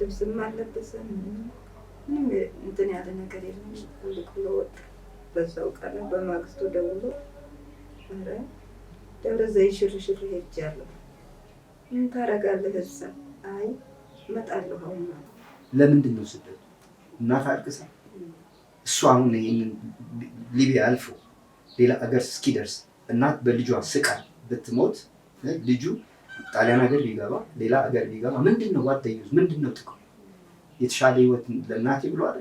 ልብስም አለበሰም ምንም እንትን ያለ ነገር የለም። ልቅ ብሎ ወጣ። በዛው ቀረ። በማግስቱ ደውሎ ኧረ ደብረ ዘይት ሽርሽር ሄጃለሁ። ምን ታደርጋለህ እዛ? አይ እመጣለሁ አሁን። ለምንድን ነው ስደቱ? እናት አልቅሳ እሱ አሁን ይህንን ሊቢያ አልፎ ሌላ አገር እስኪደርስ እናት በልጇ ስቃል ብትሞት ልጁ ጣሊያን ሀገር ቢገባ ሌላ ሀገር ቢገባ ምንድን ነው ዋተዩዝ ምንድን ነው ጥቅም? የተሻለ ህይወት ለእናቴ ብሎ አለ።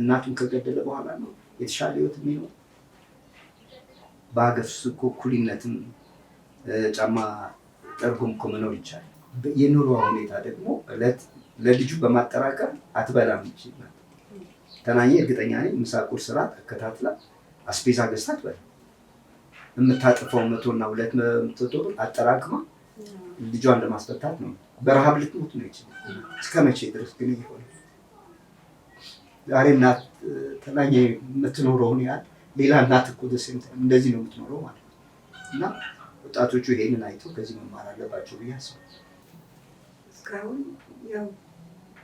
እናቱን ከገደለ በኋላ ነው የተሻለ ህይወት የሚኖር። በሀገር ውስጥ እኮ እኩልነትም ጫማ ጠርጎም እኮ መኖር ይቻላል። የኑሯ ሁኔታ ደግሞ ለልጁ በማጠራቀም አትበላም ይችላል። ተናኘ እርግጠኛ ነኝ ምሳ፣ ቁርስ፣ ራት አከታትላ አስፔዛ ገዝታ አትበላ። የምታጥፈው መቶና ሁለት መቶ ብር አጠራቅማ ልጇን ለማስፈታት ነው። በረሃብ ልትሞት ነው ይችል እስከ መቼ ድረስ ግን ይሆን? ዛሬ እናት ተናኘ የምትኖረውን ያህል ሌላ እናት እኮ እንደዚህ ነው የምትኖረው ማለት ነው። እና ወጣቶቹ ይሄንን አይተው ከዚህ መማር አለባቸው ብዬ አስባለሁ። እስካሁን ያው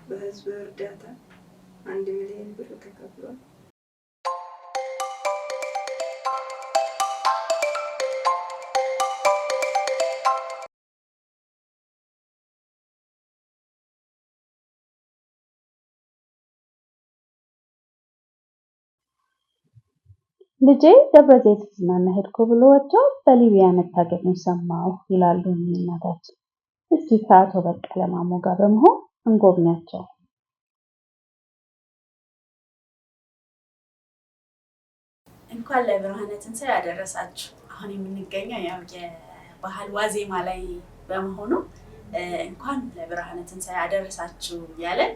በህዝብ እርዳታ አንድ ሚሊዮን ብር ተከፍሏል። ልጄ ደብረዘይት ልዝናና ሄድኩ ብሎ ወጥቶ በሊቢያ መታገቱን ሰማሁ ይላሉ እናታችን። እስኪ ከአቶ በቀለ ማሞ ጋር በመሆን እንጎብኛቸው። እንኳን ለብርሃነ ትንሣኤ ያደረሳችሁ። አሁን የምንገኘው ያው የባህል ዋዜማ ላይ በመሆኑ እንኳን ለብርሃነ ትንሣኤ ያደረሳችሁ ያለን።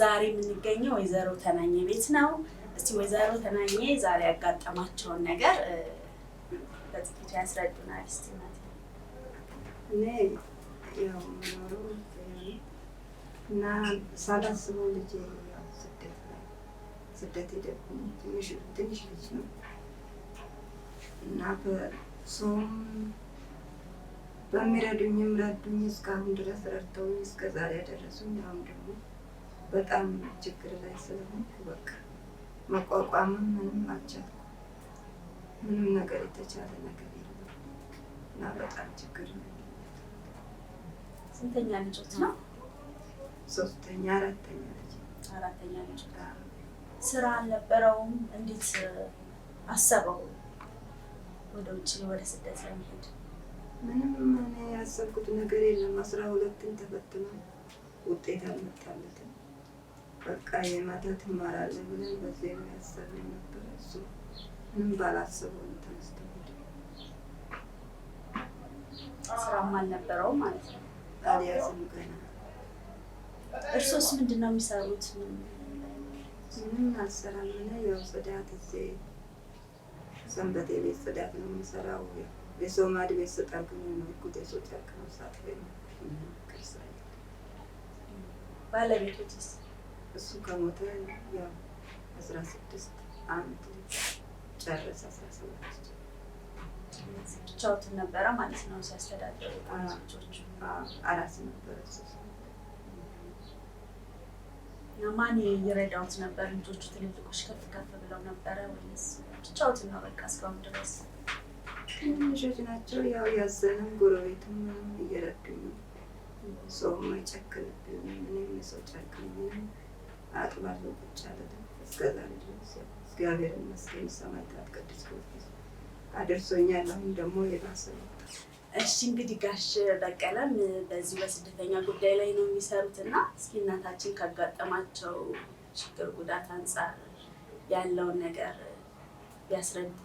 ዛሬ የምንገኘው ወይዘሮ ተናኘ ቤት ነው። እስቲ ወይዘሮ ተናኘ ዛሬ ያጋጠማቸውን ነገር በጥቂቱ ያስረዱናል። እስቲ እናት እኔ ያው መኖሩ እና ሳላስበው ልጄ ያው ስደት ላይ ስደት ሄደኩኝ። ትንሽ ትንሽ ልጅ ነው እና በሰውም በሚረዱኝም ረዱኝ። እስካሁን ድረስ ረድተውኝ እስከዛሬ ያደረሱኝ። አሁን ደግሞ በጣም ችግር ላይ ስለሆንኩ በቃ መቋቋምም ምንም አልቻልኩም። ምንም ነገር የተቻለ ነገር የለም እና በጣም ችግር ነው። ስንተኛ ልጆት ነው? ሶስተኛ አራተኛ ልጅ አራተኛ ልጅ ስራ አልነበረውም። እንዴት አሰበው ወደ ውጭ ወደ ስደት ለመሄድ? ምንም እኔ ያሰብኩት ነገር የለም። አስራ ሁለትን ተፈትኖ ውጤት አልመጣለትም። በቃ የማታ ትማራለህ ብለን በዚህ የሚያሰብን ነበረ። እሱ ምን ባላሰበው ተነስተ ስራም አልነበረው ማለት ነው። አልያዝም ገና። እርሶስ ምንድን ነው የሚሰሩት? ምንም ምን ያው ጽዳት እዚህ ሰንበቴ ቤት ጽዳት ነው የምሰራው። ቤት ጨርቅ ነው ሳት ባለቤቶችስ እሱ ከሞተ ያው አስራ ስድስት አንድ ጨረሰ። አስራ ሰባት ነበረ ማለት ነው ሲያስተዳድሩ አራስ ነበረ። ማን ይረዳውት ነበር? ልጆቹ ትልልቆች ከፍ ከፍ ብለው ነበረ ወይስ ብቻዎትን ነው? በቃ እስካሁን ድረስ ትንሾች ናቸው። ያው ያዘንም ጎረቤትም እየረዱኝ ነው። ሰውም እኔም የሰው ጨክንብኝ አጥባለሁ ቁጭ አልልም። እስከዛ ድረስ እግዚአብሔር ይመስገን ሰማዕታት ቅዱስ ጊዮርጊስ አደርሶኛል። አሁን ደግሞ የባሰ እሺ እንግዲህ ጋሽ በቀለም በዚህ በስደተኛ ጉዳይ ላይ ነው የሚሰሩት እና እስኪ እናታችን ካጋጠማቸው ችግር ጉዳት አንጻር ያለውን ነገር ቢያስረዱን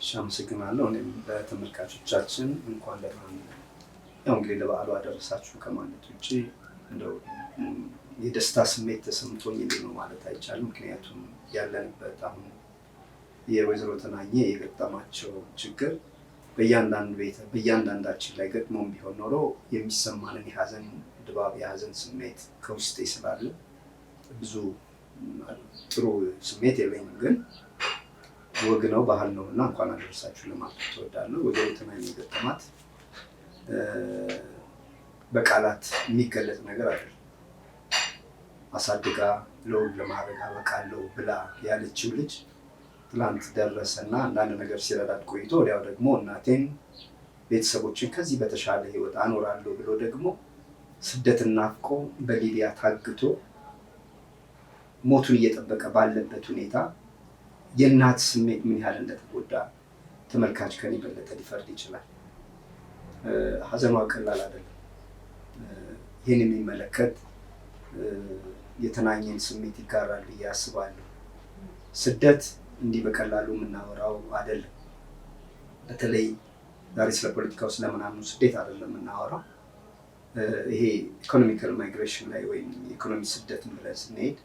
እሺ አመሰግናለሁ። እኔም ለተመልካቾቻችን እንኳን ለብርሃን ያው እንግዲህ ለበዓሉ አደረሳችሁ ከማለት ውጭ እንደው የደስታ ስሜት ተሰምቶኝ የሚል ነው ማለት አይቻልም። ምክንያቱም ያለንበት አሁን የወይዘሮ ተናኘ የገጠማቸው ችግር በእያንዳንድ ቤተ በእያንዳንዳችን ላይ ገጥሞም ቢሆን ኖሮ የሚሰማንን የሀዘን ድባብ የሀዘን ስሜት ከውስጤ ስላለ ብዙ ጥሩ ስሜት የለኝም። ግን ወግ ነው ባህል ነው እና እንኳን አደረሳችሁ ለማለት ትወዳለሁ። ወደ ተናኘ የገጠማት በቃላት የሚገለጽ ነገር አይደለም። አሳድጋ ለውን ለማድረግ አበቃለሁ ብላ ያለችው ልጅ ትላንት ደረሰ እና አንዳንድ ነገር ሲረዳት ቆይቶ ወዲያው ደግሞ እናቴን ቤተሰቦችን ከዚህ በተሻለ ህይወት አኖራለሁ ብሎ ደግሞ ስደት ናፍቆ በሊቢያ ታግቶ ሞቱን እየጠበቀ ባለበት ሁኔታ የእናት ስሜት ምን ያህል እንደተጎዳ ተመልካች ከኔ በለጠ ሊፈርድ ይችላል። ሀዘኗ ቀላል አይደለም። ይህን የሚመለከት የተናኘን ስሜት ይጋራል ብዬ አስባለሁ። ስደት እንዲህ በቀላሉ የምናወራው አይደለም። በተለይ ዛሬ ስለ ፖለቲካው ስለምናምኑ ስደት አይደለም የምናወራው። ይሄ ኢኮኖሚካል ማይግሬሽን ላይ ወይም የኢኮኖሚ ስደት ብለን ስንሄድ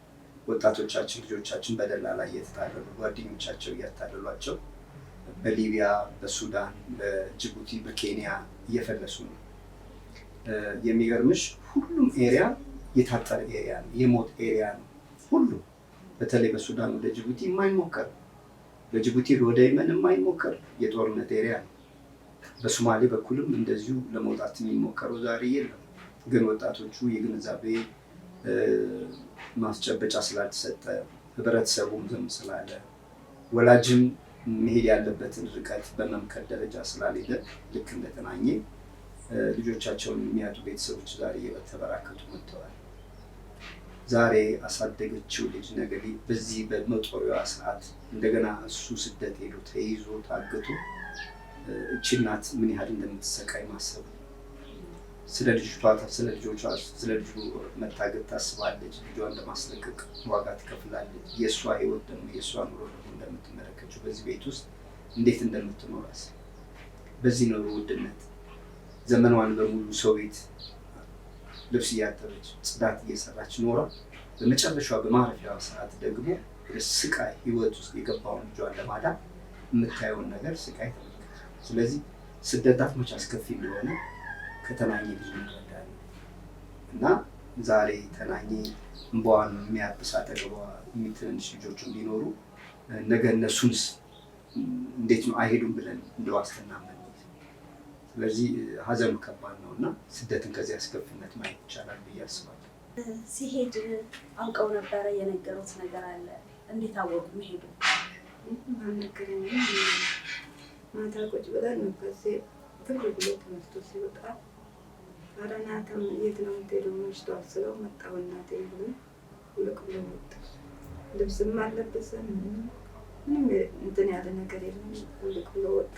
ወጣቶቻችን ልጆቻችን በደላላ እየተታለሉ ጓደኞቻቸው እያታለሏቸው በሊቢያ፣ በሱዳን፣ በጅቡቲ፣ በኬንያ እየፈለሱ ነው። የሚገርምሽ ሁሉም ኤሪያ የታጠረ ኤሪያ ነው፣ የሞት ኤሪያ ነው። ሁሉ በተለይ በሱዳን ወደ ጅቡቲ የማይሞከር በጅቡቲ ወደ የመን የማይሞከር የጦርነት ኤሪያ ነው። በሶማሌ በኩልም እንደዚሁ ለመውጣት የሚሞከረው ዛሬ የለም። ግን ወጣቶቹ የግንዛቤ ማስጨበጫ ስላልተሰጠ ህብረተሰቡም ዝም ስላለ ወላጅም መሄድ ያለበትን ርቀት በመምከር ደረጃ ስላልሄደ ልክ እንደተናኘ ልጆቻቸውን የሚያጡ ቤተሰቦች ዛሬ እየተበራከቱ መጥተዋል። ዛሬ አሳደገችው ልጅ ነገ በዚህ በመጦሪዋ ሰዓት እንደገና እሱ ስደት ሄዶ ተይዞ ታግቶ እቺ እናት ምን ያህል እንደምትሰቃይ ማሰብ ስለ ልጅቷ ስለ ልጆቿ ስለ ልጁ መታገት ታስባለች። ልጇን ለማስለቀቅ ዋጋ ትከፍላለች። የእሷ ህይወት ደግሞ የእሷ ኑሮ ደግሞ እንደምትመለከችው በዚህ ቤት ውስጥ እንዴት እንደምትኖራስ በዚህ ኑሮ ውድነት ዘመኗን በሙሉ ሰው ቤት ልብስ እያጠበች ጽዳት እየሰራች ኖራ በመጨረሻ በማረፊያ ሰዓት ደግሞ ወደ ስቃይ ህይወት ውስጥ የገባውን ልጇን ለማዳን የምታየውን ነገር ስቃይ ተመልከት። ስለዚህ ስደታት መች አስከፊ እንደሆነ ከተናኘ ብዙ እንረዳለን እና ዛሬ ተናኘ እንበዋን የሚያብስ አጠገቧ የሚትንንሽ ልጆች ቢኖሩ ነገ እነሱንስ እንዴት ነው አይሄዱም ብለን እንደ ዋስትና ስለዚህ ሀዘኑ ከባድ ነው እና ስደትን ከዚህ አስከፊነት ማየት ይቻላል ብዬ አስባለሁ። ሲሄድ አውቀው ነበረ የነገሩት ነገር አለ? እንዴት አወቁ መሄዱ? ማታ ቁጭ ብለን ነበር። ትግ ብሎ ተነስቶ ሲወጣ ኧረ የት ነው የምትሄደው? መሽቷል ስለው መጣሁ እናቴ ብሎ ውልቅ ብሎ ወጣ። ልብስም አለበሰን ምንም እንትን ያለ ነገር የለም። ውልቅ ብሎ ወጣ።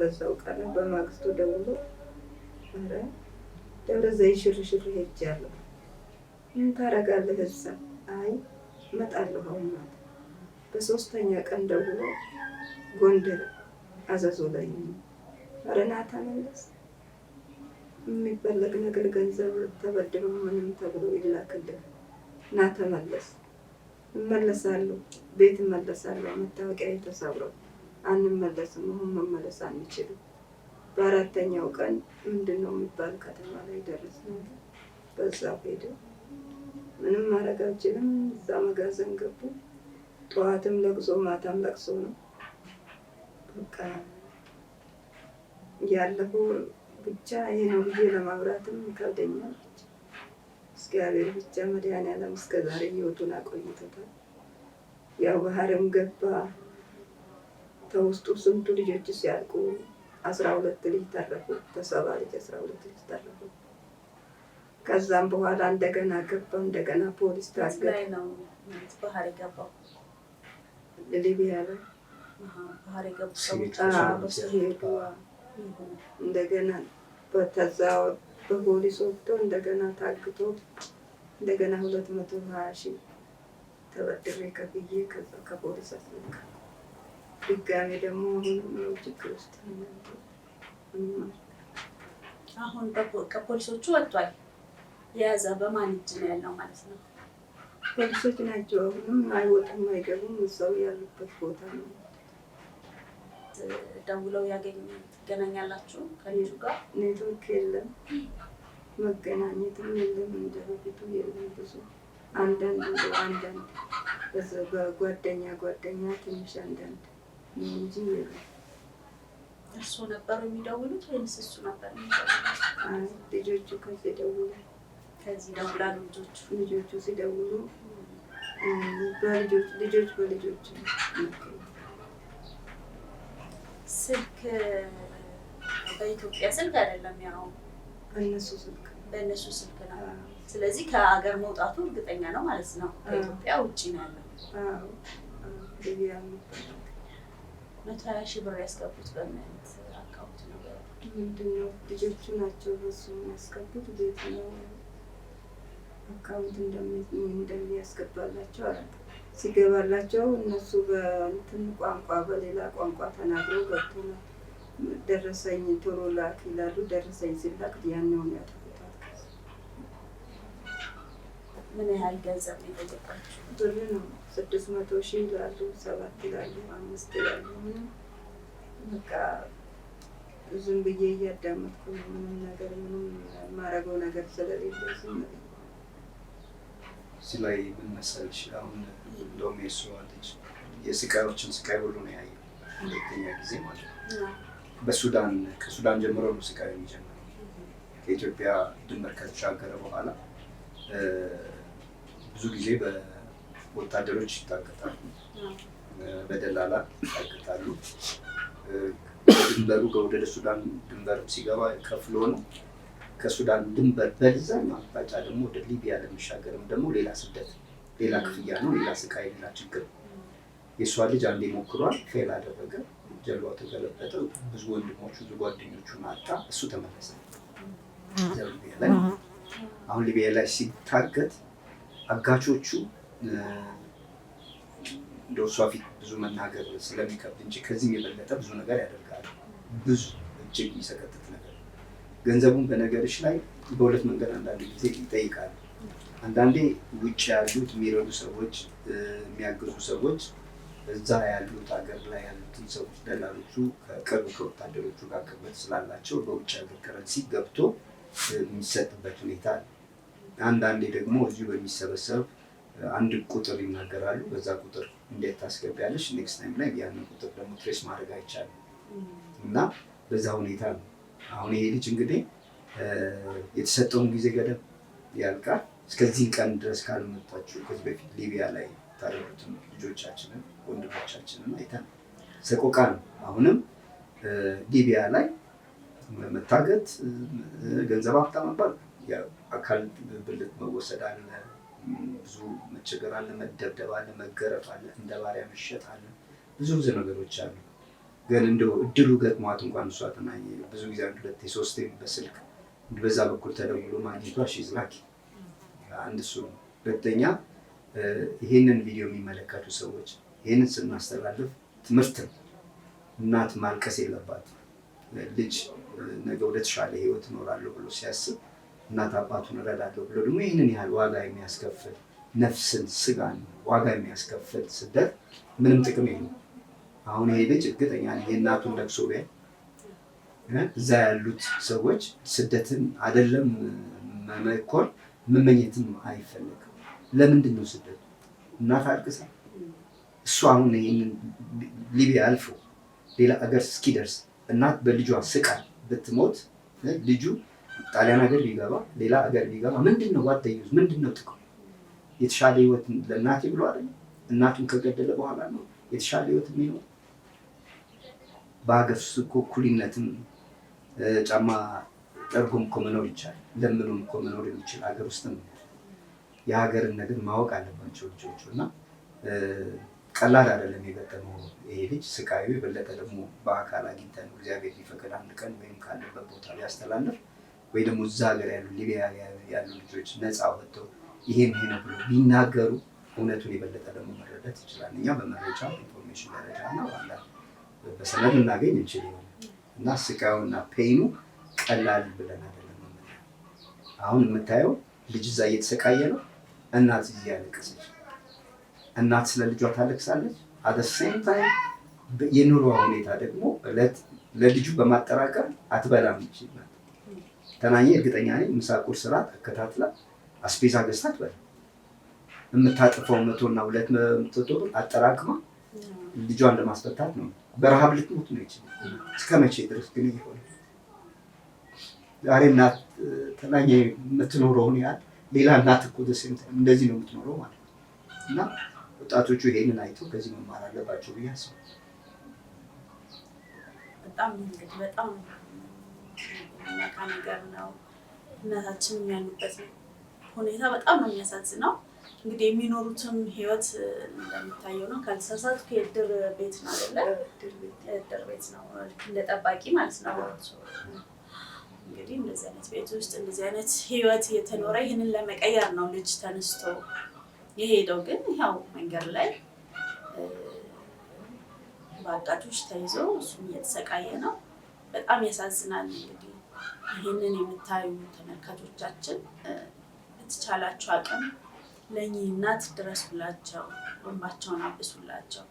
በዛው ቀን በማግስቱ ደውሎ ኧረ ደብረ ዘይት ሽርሽር ሄጃለሁ፣ ምን ታደርጋለህ እዛ? አይ እመጣለሁ አሁን። በሶስተኛ ቀን ደውሎ ጎንደር አዘዞ ላይ ኧረ ና ተመለስ፣ የሚፈለግ ነገር ገንዘብ ተበድሮ ምንም ተብሎ ይላክልህ፣ ና ተመለስ። እመለሳለሁ፣ ቤት እመለሳለሁ፣ መታወቂያ የተሰብረው አንመለስም። አሁን መመለስ አንችልም። በአራተኛው ቀን ምንድን ነው የሚባል ከተማ ላይ ደረስን። በዛ ሄደ። ምንም ማድረግ አልችልም። እዛ መጋዘን ገቡ። ጠዋትም ለቅሶ፣ ማታም ለቅሶ ነው። በቃ ያለፈው ብቻ ይሄ ነው ብዬ ለማብራትም ይከብደኛል። እግዚአብሔር ብቻ መድኃኔዓለም እስከ ዛሬ ህይወቱን አቆይቶታል። ያው ባህርም ገባ በውስጡ ስንቱ ልጆች ሲያልቁ አስራ ሁለት ልጅ ተረፉ። ተሰባ ልጅ አስራ ሁለት ልጅ ተረፉ። ከዛም በኋላ እንደገና ገባው። እንደገና ፖሊስ ታገደ። ሊቢያ ላይ እንደገና በተዛ በፖሊስ ወቅቶ እንደገና ታግቶ እንደገና ሁለት መቶ ሀያ ሺህ ተበድሬ ከፍዬ ከዛ ከፖሊስ አስለቀቁ። ድጋሜ ደግሞ ችግር ውስጥ አሁን ከፖሊሶቹ ወጥቷል። የያዘ በማን እጅ ነው ያለው ማለት ነው? ፖሊሶች ናቸው። አሁንም አይወጡም፣ አይገቡም። እዛው ያሉበት ቦታ ነው። ደውለው ያገኙ ትገናኛላችሁ ከልጁ ጋር ኔትወርክ የለም፣ መገናኘትም የለም፣ እንደበፊቱ የለም። ብዙ አንዳንድ አንዳንድ በጓደኛ ጓደኛ ትንሽ አንዳንድ እርሶ ነበሩ የሚደውሉት ወይንስ እሱ ነበር የሚደውሉት? ልጆቹ ከዚህ ደውሉ ከዚህ ደውላሉ ልጆቹ ልጆቹ ሲደውሉ በልጆች ልጆች በልጆች ስልክ በኢትዮጵያ ስልክ አይደለም ያው በእነሱ ስልክ በእነሱ ስልክ ነው። ስለዚህ ከሀገር መውጣቱ እርግጠኛ ነው ማለት ነው። ከኢትዮጵያ ውጭ ነው ያለው። መቶ ሀያ ሺህ ብር ያስገቡት በምን አይነት አካውንት ነው? ምንድነው? ልጆቹ ናቸው በሱ ያስገቡት። ቤት ነው አካውንት እንደሚያስገባላቸው አለ። ሲገባላቸው እነሱ በእንትን ቋንቋ በሌላ ቋንቋ ተናግረው ገብቶ ነው ደረሰኝ ቶሎ ላክ ይላሉ። ደረሰኝ ሲላክ ያኛውን ያጣ ምን ያህል ገንዘብ ነው የጠየቃችሁ? ብር ነው ስድስት መቶ ሺ ይላሉ፣ ሰባት ይላሉ፣ አምስት ይላሉ። በቃ ዝም ብዬ እያዳመጥኩ ምንም ነገር ምንም የማደርገው ነገር ስለሌለ ዝም እዚህ ላይ ምን መሰለሽ፣ አሁን እንደውም የእሱ ልጅ የስቃዮችን ስቃይ ሁሉ ነው ያየው፣ ሁለተኛ ጊዜ ማለት ነው። በሱዳን ከሱዳን ጀምሮ ነው ስቃዩ የሚጀምረው ከኢትዮጵያ ድንበር ከተሻገረ በኋላ ብዙ ጊዜ በወታደሮች ይታገታሉ፣ በደላላ ይታገታሉ። ድንበሩ ከወደደ ሱዳን ድንበር ሲገባ ከፍሎ ነው። ከሱዳን ድንበር በዛኛው አቅጣጫ ደግሞ ወደ ሊቢያ ለመሻገርም ደግሞ ሌላ ስደት፣ ሌላ ክፍያ ነው፣ ሌላ ስቃይ፣ ሌላ ችግር። የእሷ ልጅ አንዴ ሞክሯል፣ ፌል አደረገ። ጀልባው ተገለበጠ። ብዙ ወንድሞቹ ብዙ ጓደኞቹን አጣ። እሱ ተመለሰ ሊቢያ ላይ። አሁን ሊቢያ ላይ ሲታገት አጋቾቹ እንደ እሷ ፊት ብዙ መናገር ስለሚከብድ እንጂ ከዚህም የበለጠ ብዙ ነገር ያደርጋሉ። ብዙ እጅግ የሚሰቀጥት ነገር ገንዘቡን በነገርሽ ላይ በሁለት መንገድ አንዳንድ ጊዜ ይጠይቃሉ። አንዳንዴ ውጭ ያሉት የሚረዱ ሰዎች፣ የሚያግዙ ሰዎች እዛ ያሉት ሀገር ላይ ያሉትን ሰዎች ደላሎቹ ከቅርብ ከወታደሮቹ ጋር ቅርበት ስላላቸው በውጭ ሀገር ከረንሲ ገብቶ የሚሰጥበት ሁኔታ አለ። አንዳንዴ ደግሞ እዚሁ በሚሰበሰብ አንድ ቁጥር ይናገራሉ። በዛ ቁጥር እንዴት ታስገቢያለች ኔክስት ታይም ላይ ያንን ቁጥር ደግሞ ትሬስ ማድረግ አይቻልም እና በዛ ሁኔታ ነው አሁን ይሄ ልጅ እንግዲህ የተሰጠውን ጊዜ ገደብ ያልቃል። እስከዚህ ቀን ድረስ ካልመጣችሁ ከዚህ በፊት ሊቢያ ላይ ታረዱትን ልጆቻችንን ወንድሞቻችንን አይተን ሰቆቃ ነው። አሁንም ሊቢያ ላይ መታገት፣ ገንዘብ አጣ መባል አካል ብልት መወሰድ አለ፣ ብዙ መቸገር አለ፣ መደብደብ አለ፣ መገረፍ አለ፣ እንደ ባሪያ መሸጥ አለ፣ ብዙ ብዙ ነገሮች አሉ። ግን እንደው እድሉ ገጥሟት እንኳን እሷ ተናየ ብዙ ጊዜ አንድ ሁለት የሶስት በስልክ በዛ በኩል ተደውሎ ማግኘቷ ሽዝራኪ አንድ እሱ ነው። ሁለተኛ ይህንን ቪዲዮ የሚመለከቱ ሰዎች ይህንን ስናስተላልፍ ትምህርት ነው። እናት ማልቀስ የለባት ልጅ ነገ ወደተሻለ ህይወት እኖራለሁ ብሎ ሲያስብ እናት አባቱን እረዳለሁ ብሎ ደግሞ ይህንን ያህል ዋጋ የሚያስከፍል ነፍስን ስጋን ዋጋ የሚያስከፍል ስደት ምንም ጥቅም የለም። አሁን ይሄ ልጅ እርግጠኛ የእናቱን ለቅሶ ቢያይ እዛ ያሉት ሰዎች ስደትን አይደለም መመኮር መመኘትም አይፈለግም። ለምንድን ነው ስደቱ? እናት አልቅሳ እሱ አሁን ይህንን ሊቢያ አልፎ ሌላ አገር እስኪደርስ እናት በልጇ ስቃል ብትሞት ልጁ ጣሊያን ሀገር ቢገባ ሌላ ሀገር ቢገባ ምንድን ነው ምንድነው ምንድን ነው ጥቅም? የተሻለ ህይወት ለእናቴ ብሎ አለ። እናቱን ከገደለ በኋላ ነው የተሻለ ህይወት የሚኖር። በሀገር ውስጥ እኮ እኩልነትም ጫማ ጠርጎም እኮ መኖር ይቻላል። ለምኖም እኮ መኖር የሚችል ሀገር ውስጥ የሀገርን ነገር ማወቅ አለባቸው ልጆቹ እና ቀላል አይደለም የገጠመው ይሄ ልጅ ስቃዩ የበለጠ ደግሞ በአካል አግኝተን እግዚአብሔር ሊፈቅድ አንድ ቀን ወይም ካለበት ቦታ ሊያስተላልፍ ወይ ደግሞ እዛ ሀገር ያሉ ሊቢያ ያሉ ልጆች ነፃ ወጥተው ይሄም ይሄ ነው ብሎ ቢናገሩ እውነቱን የበለጠ ደግሞ መረዳት ይችላል። እኛ በመረጃ ኢንፎርሜሽን ደረጃ እና ዋላ በሰነድ እናገኝ እንችል ይሆናል እና እና ፔኑ ቀላል ብለን አይደለም። አሁን የምታየው ልጅ እዛ እየተሰቃየ ነው። እናት እዚህ ያለቀሰች፣ እናት ስለ ልጇ ታለቅሳለች። አደሴም ታይም የኑሯ ሁኔታ ደግሞ ለልጁ በማጠራቀም አትበላም ይችላል ተናኘ እርግጠኛ ነኝ ምሳ ቁርስ እራት አከታትላ አስቤዛ ገዝታ ትበል የምታጥፈው መቶና ሁለት መቶ ብር አጠራቅማ ልጇን ለማስፈታት ነው። በረሃብ ልትሞት ነው ይችላል። እስከ መቼ ድረስ ግን ይሆን? ዛሬ እናት ተናኘ የምትኖረውን ያህል ሌላ እናት እኮ እንደዚህ ነው የምትኖረው ማለት ነው። እና ወጣቶቹ ይሄንን አይተው ከዚህ መማር አለባቸው ብዬ አስባለሁ። በጣም በጣም የሚነካ ነገር ነው። እናታችንም ያሉበት ሁኔታ በጣም ነው የሚያሳዝነው። እንግዲህ የሚኖሩትም ህይወት እንደሚታየው ነው። ካልተሳሳትኩ የእድር ቤት ነው አይደለ? የእድር ቤት ነው እንደ ጠባቂ ማለት ነው። እንግዲህ እንደዚህ አይነት ቤት ውስጥ እንደዚህ አይነት ህይወት እየተኖረ ይህንን ለመቀየር ነው ልጅ ተነስቶ የሄደው። ግን ያው መንገድ ላይ በአጋቾች ተይዞ እሱም እየተሰቃየ ነው። በጣም ያሳዝናል። እንግዲህ ይህንን የምታዩ ተመልካቾቻችን በተቻላቸው አቅም ለእኚህ እናት ድረሱላቸው፣ ወንባቸውን አብሱላቸው፣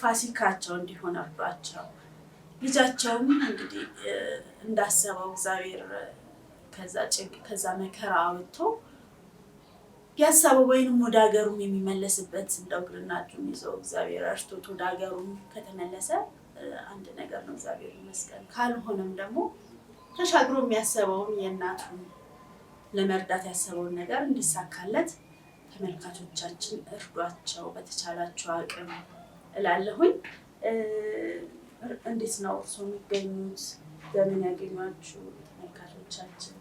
ፋሲካቸው እንዲሆነባቸው ልጃቸውም እንግዲህ እንዳሰበው እግዚአብሔር ከዛ መከራ አውጥቶ ያሰበው ወይንም ወደ ሀገሩም የሚመለስበት እንደው እግርና እጁን ይዘው እግዚአብሔር እርቶት ወደ ሀገሩም ከተመለሰ አንድ ነገር ነው። እግዚአብሔር ይመስገን። ካልሆነም ደግሞ ተሻግሮ የሚያሰበውን የእናቱን ለመርዳት ያሰበውን ነገር እንዲሳካለት ተመልካቾቻችን እርዷቸው በተቻላቸው አቅም እላለሁኝ። እንዴት ነው እርሶ የሚገኙት? በምን ያገኟችሁ ተመልካቾቻችን?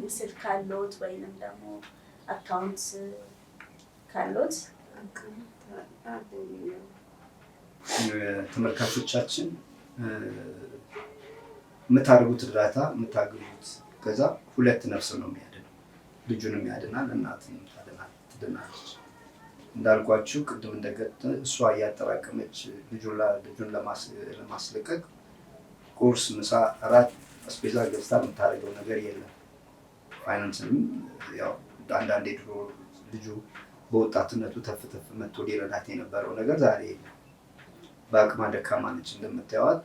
ምስል ካለዎት ወይንም ደግሞ አካውንት ካለዎት ተመልካቾቻችን የምታደርጉት እርዳታ የምታግዙት ገዛ ሁለት ነፍስ ነው የሚያድነው። ልጁንም ያድናል፣ እናትንም ትድናለች። እንዳልኳችሁ ቅድም እንደገጠ እሷ እያጠራቀመች ልጁን ለማስለቀቅ ቁርስ፣ ምሳ፣ እራት አስቤዛ ገዝታ የምታደርገው ነገር የለም። ፋይናንስንም ያው አንዳንዴ ድሮ ልጁ በወጣትነቱ ተፍተፍ መጥቶ ሊረዳት የነበረው ነገር ዛሬ የለም። በአቅማ ደካማ ነች እንደምታዩት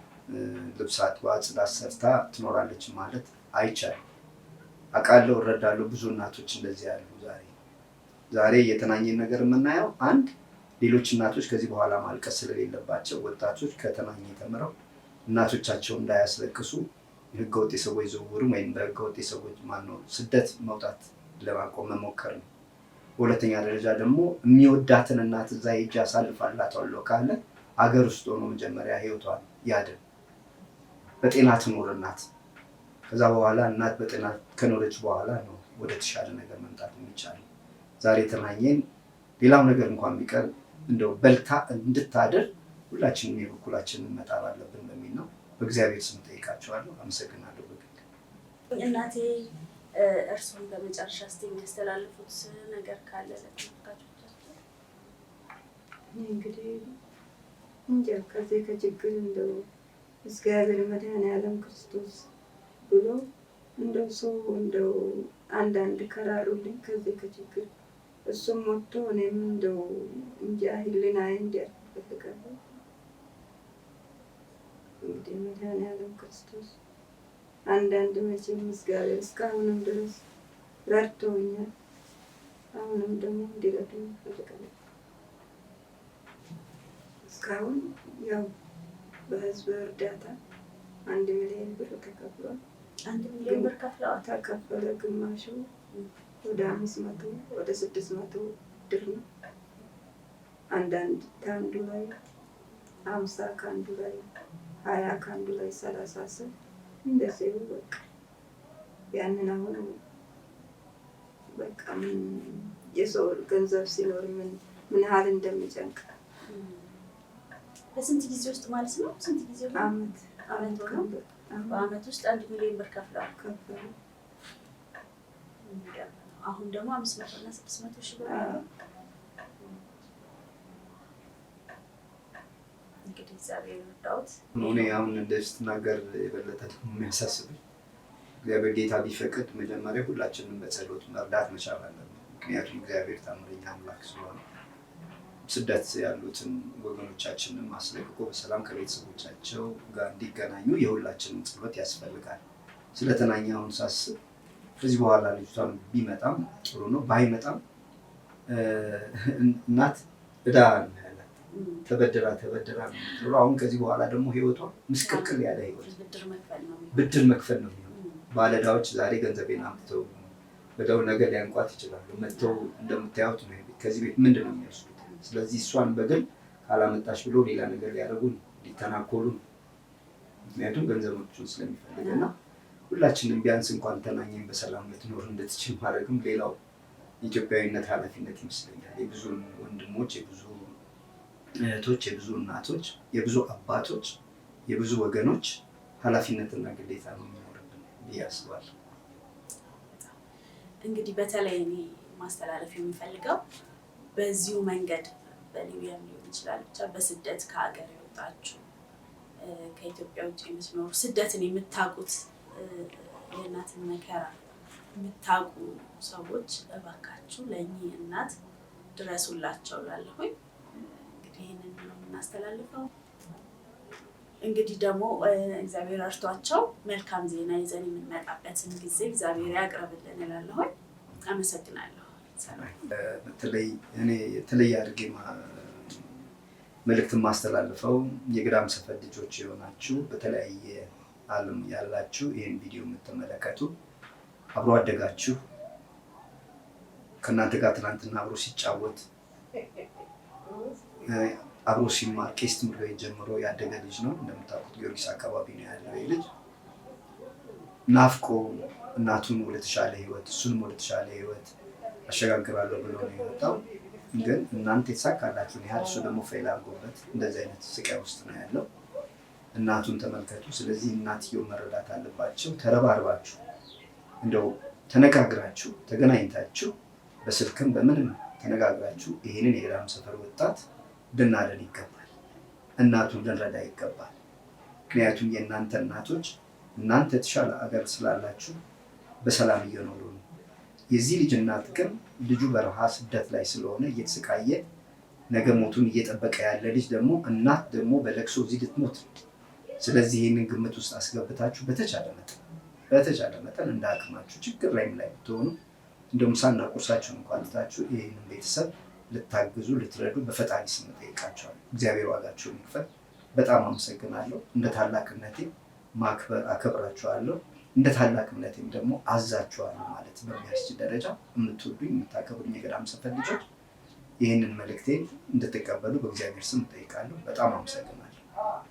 ልብስ አጥባ ጽዳት ሰርታ ትኖራለች ማለት አይቻልም። አቃለው እረዳለሁ። ብዙ እናቶች እንደዚህ ያሉ ዛሬ ዛሬ የተናኘን ነገር የምናየው አንድ ሌሎች እናቶች ከዚህ በኋላ ማልቀስ ስለሌለባቸው ወጣቶች ከተናኘ ተምረው እናቶቻቸው እንዳያስለቅሱ ህገወጥ የሰዎች ዝውውር ወይም በህገወጥ የሰዎች ማነው ስደት መውጣት ለማቆም መሞከር ነው። በሁለተኛ ደረጃ ደግሞ የሚወዳትን እናት እዛ ሄጄ አለው ካለ ሀገር ውስጥ ሆኖ መጀመሪያ ህይወቷን ያድን፣ በጤና ትኖር እናት። ከዛ በኋላ እናት በጤና ከኖረች በኋላ ነው ወደ ተሻለ ነገር መምጣት የሚቻለው። ዛሬ ተናኘን ሌላው ነገር እንኳን ቢቀር እንደው በልታ እንድታድር ሁላችንም የበኩላችንን መጣር አለብን በሚል ነው። በእግዚአብሔር ስም ጠይቃቸዋለሁ። አመሰግናለሁ። በግል እናቴ እርስዎን በመጨረሻ እስኪ የሚያስተላልፉት ነገር ካለ ለተመልካቾቻቸው እንግዲህ እንጃ ከዚህ ከችግር እንደው እግዚአብሔር መድኃኔዓለም ክርስቶስ ብሎ እንደው ሰው እንደው አንዳንድ ከራሩልኝ ከዚህ ከችግር እሱም ሞቶ እኔም እንደው እንጃ ህልናዬ እንዲያርፍ እፈልጋለሁ። እንግዲህ መድኃኔዓለም ክርስቶስ አንዳንድ መቼም እግዚአብሔር እስካሁንም ድረስ ረድቶኛል። አሁንም ደግሞ እንዲረዱኝ እፈልጋለሁ። እስካሁን ያው በህዝብ እርዳታ አንድ ሚሊዮን ብር ተከፍሏል። አንድ ሚሊዮን ብር ከፍለዋል። ተከፈለ ግማሹ ወደ አምስት መቶ ወደ ስድስት መቶ ድር ነው። አንዳንድ ከአንዱ ላይ አምሳ ከአንዱ ላይ ሀያ ከአንዱ ላይ ሰላሳ ስብ እንደዚሁ በቃ ያንን አሁን በቃ የሰው ገንዘብ ሲኖር ምን ምን ያህል እንደሚጨንቅ በስንት ጊዜ ውስጥ ማለት ነው? ስንት ጊዜ አመት አመት ሆነው በአመት ውስጥ አንድ ሚሊዮን ብር ከፍለዋል። አሁን ደግሞ አምስት መቶ እና ስድስት መቶ ሺህ ብር እንግዲህ እግዚአብሔር የምታወት እኔ አሁን እንደዚህ ስትናገር የበለጠ ደግሞ የሚያሳስብኝ እግዚአብሔር ጌታ ቢፈቅድ መጀመሪያ ሁላችንም በጸሎት መርዳት መቻል አለብን። ምክንያቱም እግዚአብሔር ታምረኛ አምላክ ስለሆነ ስደት ያሉትን ወገኖቻችንን ማስለቅቆ በሰላም ከቤተሰቦቻቸው ጋር እንዲገናኙ የሁላችንን ጸሎት ያስፈልጋል። ስለተናኘ አሁን ሳስብ ከዚህ በኋላ ልጅቷን ቢመጣም ጥሩ ነው፣ ባይመጣም እናት እዳ ተበድራ ተበድራ ነው። አሁን ከዚህ በኋላ ደግሞ ህይወቷ ምስቅልቅል ያለ ህይወት ብድር መክፈል ነው የሚሆነው። ባለዕዳዎች ዛሬ ገንዘቤን አምጥተው ወደው ነገ ሊያንቋት ይችላሉ። መጥተው እንደምታዩት ነው ከዚህ ቤት ምንድን ነው የሚወስዱት? ስለዚህ እሷን በግል ካላመጣሽ ብሎ ሌላ ነገር ሊያደርጉን ሊተናኮሉን፣ ምክንያቱም ገንዘቦቹን ስለሚፈልግ እና ሁላችንም ቢያንስ እንኳን ተናኘን በሰላም ልትኖር እንድትችል ማድረግም ሌላው ኢትዮጵያዊነት ኃላፊነት ይመስለኛል። የብዙ ወንድሞች፣ የብዙ እህቶች፣ የብዙ እናቶች፣ የብዙ አባቶች፣ የብዙ ወገኖች ኃላፊነትና ግዴታ ነው የሚኖርብን ብዬ አስባለሁ። እንግዲህ በተለይ እኔ ማስተላለፍ የምፈልገው በዚሁ መንገድ በሊቢያም ሊሆን ይችላል ብቻ በስደት ከሀገር የወጣችሁ ከኢትዮጵያ ውጭ የምትኖሩ ስደትን የምታውቁት የእናትን መከራ የምታውቁ ሰዎች እባካችሁ ለእኚህ እናት ድረሱላቸው ላለሁኝ እንግዲህ ይህንን ነው የምናስተላልፈው። እንግዲህ ደግሞ እግዚአብሔር እርቷቸው መልካም ዜና ይዘን የምንመጣበትን ጊዜ እግዚአብሔር ያቅርብልን እላለሁኝ። አመሰግናለሁ። በተለይ እኔ የተለየ አድርጌ መልእክት የማስተላልፈው የግዳም ሰፈር ልጆች የሆናችሁ በተለያየ ዓለም ያላችሁ ይህን ቪዲዮ የምትመለከቱ አብሮ አደጋችሁ ከእናንተ ጋር ትናንትና አብሮ ሲጫወት አብሮ ሲማር ቄስ ትምህርት ቤት ጀምሮ ያደገ ልጅ ነው። እንደምታውቁት ጊዮርጊስ አካባቢ ነው ያለው ልጅ ናፍቆ እናቱን ወደተሻለ ህይወት እሱንም ወደተሻለ ህይወት። አሸጋግራለሁ ብሎ ነው የመጣው። ግን እናንተ የተሳካላችሁን ያህል እሱ ደግሞ ፌል አድርጎበት እንደዚህ አይነት ስቃይ ውስጥ ነው ያለው። እናቱን ተመልከቱ። ስለዚህ እናትየው መረዳት አለባቸው። ተረባርባችሁ እንደው ተነጋግራችሁ ተገናኝታችሁ በስልክም በምንም ተነጋግራችሁ ይህንን የራም ሰፈር ወጣት ልናደን ይገባል፣ እናቱን ልንረዳ ይገባል። ምክንያቱም የእናንተ እናቶች እናንተ የተሻለ አገር ስላላችሁ በሰላም እየኖሩ የዚህ ልጅ እናት ግን ልጁ በረሃ ስደት ላይ ስለሆነ እየተሰቃየ ነገ ሞቱን እየጠበቀ ያለ ልጅ ደግሞ እናት ደግሞ በለቅሶ እዚህ ልትሞት ስለዚህ ይህንን ግምት ውስጥ አስገብታችሁ በተቻለ መጠን በተቻለ መጠን እንደ አቅማችሁ ችግር ላይም ላይ ብትሆኑ እንደውም ሳና ቁርሳችሁን እንኳን ይህንን ቤተሰብ ልታግዙ ልትረዱ በፈጣሪ ስም ጠይቃቸዋለሁ። እግዚአብሔር ዋጋቸውን ይክፈል። በጣም አመሰግናለሁ። እንደ ታላቅነቴ ማክበር አከብራችኋለሁ። እንደ ታላቅ ታላቅነቴም ደግሞ አዛችኋለሁ ማለት በሚያስችል ደረጃ የምትወዱኝ የምታከብሩኝ የገዳም ሰፈር ልጆች ይህንን መልእክቴን እንድትቀበሉ በእግዚአብሔር ስም እጠይቃለሁ። በጣም አመሰግናለሁ።